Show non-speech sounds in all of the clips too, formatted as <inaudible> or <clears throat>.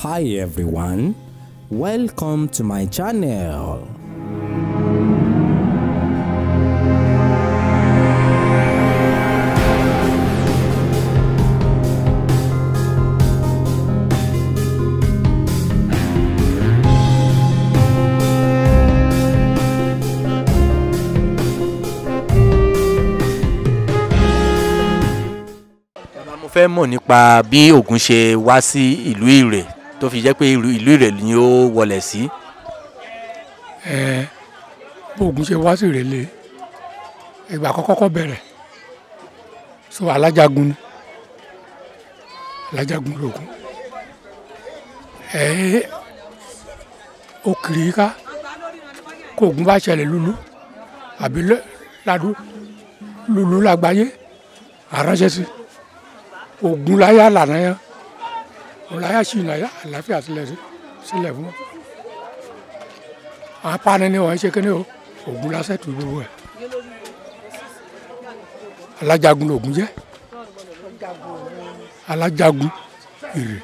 Hi everyone, welcome to my channel. fẹ́ mọ̀ nípa bí Ògún ṣe wá sí ìlú Ìrè tó fi jẹ́ pé ìlú Ìrẹ̀lú ni ó wọlẹ̀ sí. ẹ bóògùn ṣe wá sí Ìrẹ̀lú ìgbà kọ́kọ́kọ́ bẹ̀rẹ̀ so alájagun ni alájagun lògùn ẹ ó kiri ká kó ogun bá ṣẹlẹ̀ lulu àbí ladu lulu lágbáyé àránṣẹ́ sí ogun láyà lànà yẹn ọ̀làyà sì láyà àlàáfíà sílẹ̀ fún wọn. apani ni wọn ṣe kí ni o ògùn lásẹ̀ tó gbogbo ẹ̀ alájagun lògùn jẹ́ alájagun èrè.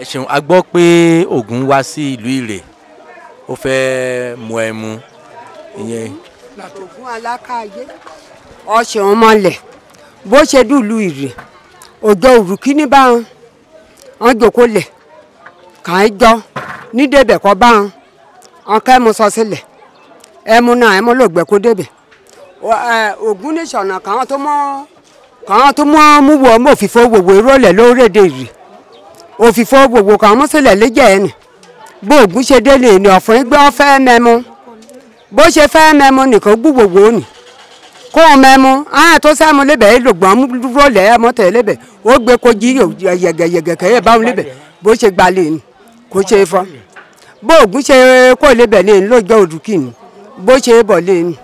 ẹ ṣeun a gbọ́ pé Ògún wá sí ìlú Ìrè ó fẹ́ mọ ẹ mu ìyẹn. Ògún alákàyé ọ̀sẹ̀ ọmọlẹ̀ bó ṣe dùlù Ìrè òjò òrù bá wọn wọn jòkó lẹ̀ kàn án jọ kọ́ bá wọn wọn ká ẹmu sọ sílẹ̀ ẹmu náà ẹmu lògbẹ kó débẹ̀ ògùn níṣọ̀nà kàn kàn án tó mọ́ mú ọmọ òfìfo wòwò ìrọ̀lẹ́ lórílẹ̀‐èdè rì òfìfo wòwò kàn án mú sílẹ̀ lẹ́jẹ̀ ẹ̀ nì bó ògùn ṣe délé ni ọ̀fun fẹ́ mẹ́mu kó ọmọ ẹmu àwọn tó sẹ́mu lébẹ̀ ẹ lògbọ́n mú dúró lẹ̀ ẹ mọ́tẹ̀ lébẹ̀ ó gbé kojú yẹ̀gẹ̀yẹ̀gẹ̀ kẹ́yẹ̀ báwọn lébẹ̀ bó ṣe gbalẹ̀ ni ṣe fọ́ bó ṣe kó lébẹ̀ lé ní òdùkì ni bó ṣe bọ̀ lé ni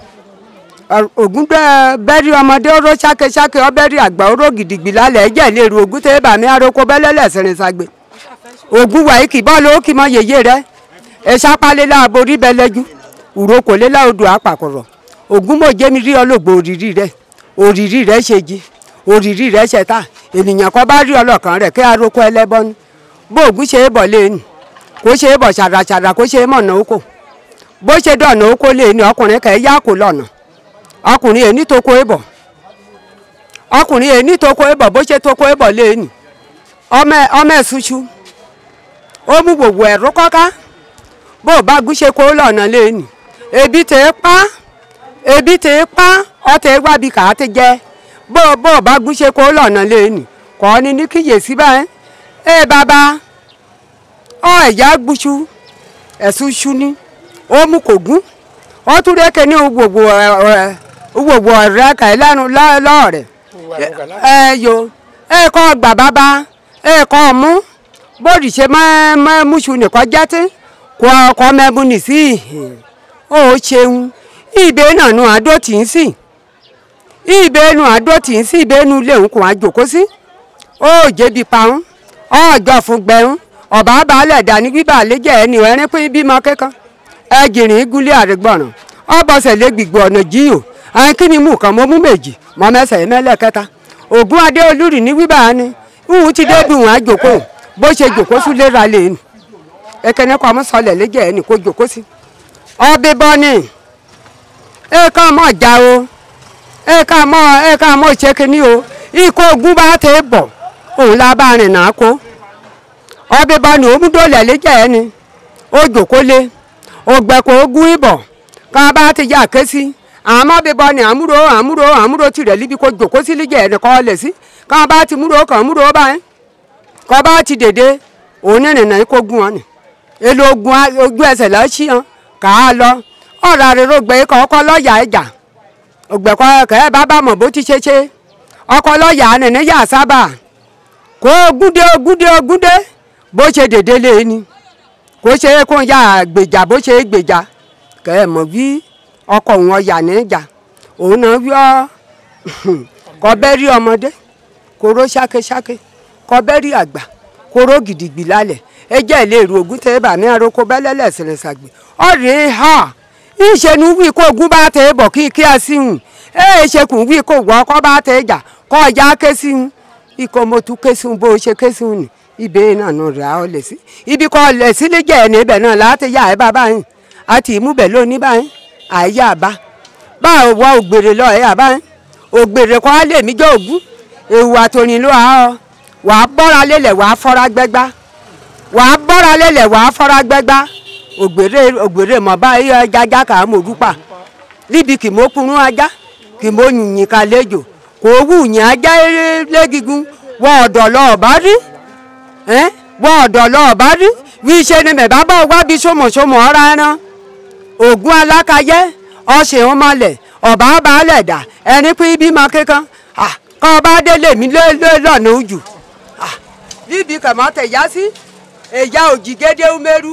bẹ́rí ọmọdé oró ọbẹ̀rí àgbà oró lálẹ́ ẹ̀jẹ̀ lè ru tẹ́ bàmí aróko bẹ́lẹ́lẹ̀ sẹ̀rìn wàyí kì bọ́ọ̀lù ó kì mọ rẹ ẹ̀ṣápálẹ́lá aborí odò àpàkọ̀rọ̀ ògúnmọ̀jẹ́ mi rí ọlọ́gbọ̀ òrìrí rẹ̀ òrìrí rẹ̀ ṣègi òrìrí rẹ̀ ṣẹ̀ta ènìyàn kan bá rí ọlọ́kàn rẹ̀ kí aróko ẹlẹ́bọ́nú bó ògún ṣe é bọ̀ léènì kó ṣe é bọ̀ ṣàràṣàrà kó ṣe é mọ̀nà oko bó ṣe dọ̀nà oko léènì ọkùnrin kẹ̀ yá kó ọkùnrin toko é ọkùnrin toko é bó ṣe toko é ọmọ gbogbo ẹ̀rú kọ́ká bó o bá gúnṣe kó ebi pa ebi tè pa pán ọtẹ wábi kà á ti jẹ bó bó bá gúnṣe kó lọ́nà lẹ́nu kọ́ ni ní kíyèsí báyẹn ẹ ọ ẹ̀yà gbúṣu ẹ̀sùn ṣu ni ó mú kò gún ó tún rékè ni ogbogbo gbogbo ọ̀rẹ́ kà ẹ́ lẹ́nu lọ́ọ̀rẹ́ ẹ yo ẹ kọ́ gbà bàbá ẹ ìbẹ́nu àánú àdó tì í sìn ìbẹ́nu àdó tì í sìn ìbẹ́nu ilé nǹkan àjòkó sí ó parun ọjọ́ fún gbẹ̀rún ọ̀bá balẹ̀ dání bíbá àlejò ẹni ẹ̀rín pín bímọ kẹ́kọ̀ọ́ ẹgìrì gúlé àrígbọ̀ràn ọ̀bọ̀sẹ̀ lé gbìgbọ̀ ọ̀nà jíyò àyìn kí ni mú kan mọ́ mú méjì mọ́ mẹ́sẹ̀ mẹ́lẹ̀ kẹta ògún adé olúrì ní ni wúwú ti débi wọn àjòkó bó ṣe jòkó sí léra kọ́ ẹni kó jòkó sí ọbẹ̀ ẹ mọ̀ o ẹ mọ̀ mọ̀ o ikú ogun bá ti bọ̀ òun la na náà kó ọbẹ̀ bá ní omúdòlẹ̀ lẹ́jẹ̀ ni ó jòkólé ogun ìbọ̀ ká bá ti yà ké sí àmọ́ bíbọ ni àmúrò àmúrò àmúrò tirẹ̀ líbi kó jòkó sí lẹ́jẹ̀ ẹ̀ kọ́ lẹ̀ sí ká bá ti ti dèdè òun ní èlò ogun ẹsẹ̀ lọ́ọ́ ọ̀rọ̀ àrèrò ògbẹ́ ikọ̀ ọkọ lọ́ọ̀yà ẹ̀jà ògbẹ́ kọ̀ọ̀kẹ́ ẹ̀ bá bá mọ̀ bó ti ṣe ṣe ọkọ lọ́ọ̀yà ànìníyà sábà kó gúndé gúndé gúndé bó ṣe dèdè lé e ní kó ṣe kó ya gbèjà bó ṣe é gbèjà kẹ́ ẹ̀ mọ̀ bí ọkọ òun ọ̀yà níjà òun náà wí ọ́ <clears throat> kọ́bẹ́rí ọmọdé ṣákéṣáké àgbà kóró gidigbi lálẹ̀ ẹ jẹ́ tẹ́ bàmí bẹ́lẹ́lẹ̀ ọ̀rẹ́ ìṣẹ́nu wí kó ogun bá tẹ̀ bọ̀ kí kí ẹ sí hùn ẹ ṣekùn wí kó wọ́ kọ́ bá tẹ̀ jà kọ́ ọjà ké sí hùn ikọ̀ mo ké sí hùn bó ṣe ké sí hùn ni ibẹ̀ náà nù rà ọ́ lẹ̀ sí ibi kọ́ lẹ̀ sí lè jẹ́ ẹ̀ níbẹ̀ náà láti yà ẹ́ bàbá yín àti ìmúbẹ̀ lónìí báyìí àyà bá bá òwò ògbèrè lọ ẹ̀ àbá ògbèrè kọ́ á lè mí jẹ́ ògún èwù àtòrìn ló àá ọ wàá bọ́ra lélẹ̀ wàá fọ́ra gbẹ́gbá wàá bọ́ra lélẹ̀ wàá fọ́ra gbẹ́gbá ògbèrè ògbèrè mọ̀bá iye jájá kà á mọ̀ òdúpà níbi kì mọ́ kúnú ajá kì mọ́ yìnyín ká kò wù yín ajá lẹ́gígún wọ ọ̀dọ̀ lọ́ọ̀bá rí wọ ọ̀dọ̀ lọ́ọ̀bá rí wí ṣe ni mẹ̀bá bá wá bí sọmọ̀sọmọ̀ ọ̀rá ẹran ògùn alákayẹ ọ̀sẹ̀ wọn mọ̀lẹ̀ ọ̀bá balẹ̀ dà ẹni pín bí ma kíkan kọ́ bá délé mi lọ́nà ojú níbi kàmá tẹ̀yá sí ẹ̀yà òjì gédé umeru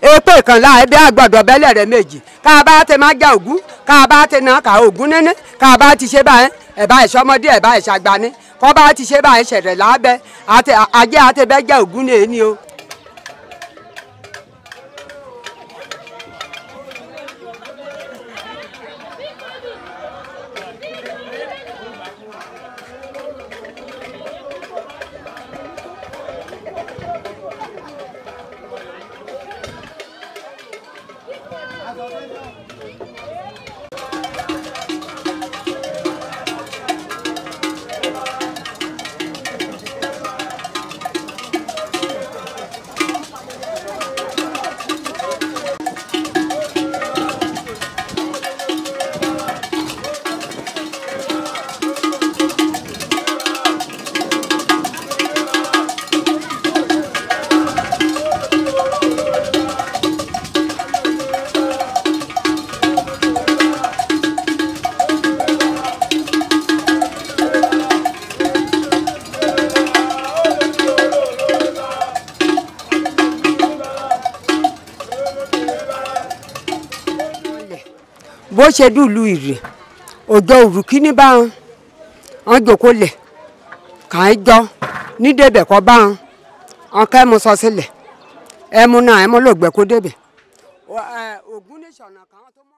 èpè kan láì bí àgbọ̀dọ̀ bẹ́lẹ̀ rẹ méjì ká a bá ti máa já ògún ká a bá ti na ká ògún níní ká a bá ti ṣe báyẹn ẹ̀bá ìṣọmọdé ẹ̀bá ìṣàgbani kọ́ bá ti ṣe báyẹn ṣẹ̀rẹ̀ lábẹ́ ajé àtẹ̀bẹ́jẹ́ ògún ní èyí ni o. いいね ṣe dùlù ìrè òjò òrù kíní bá wọn wọn jòkó lẹ kàn án jọ nídébẹ̀ kọ́ bá wọn wọn ká ẹmu sọ sílẹ̀ ẹmu náà ẹmu lògbẹ́ kó débẹ̀ kan tó.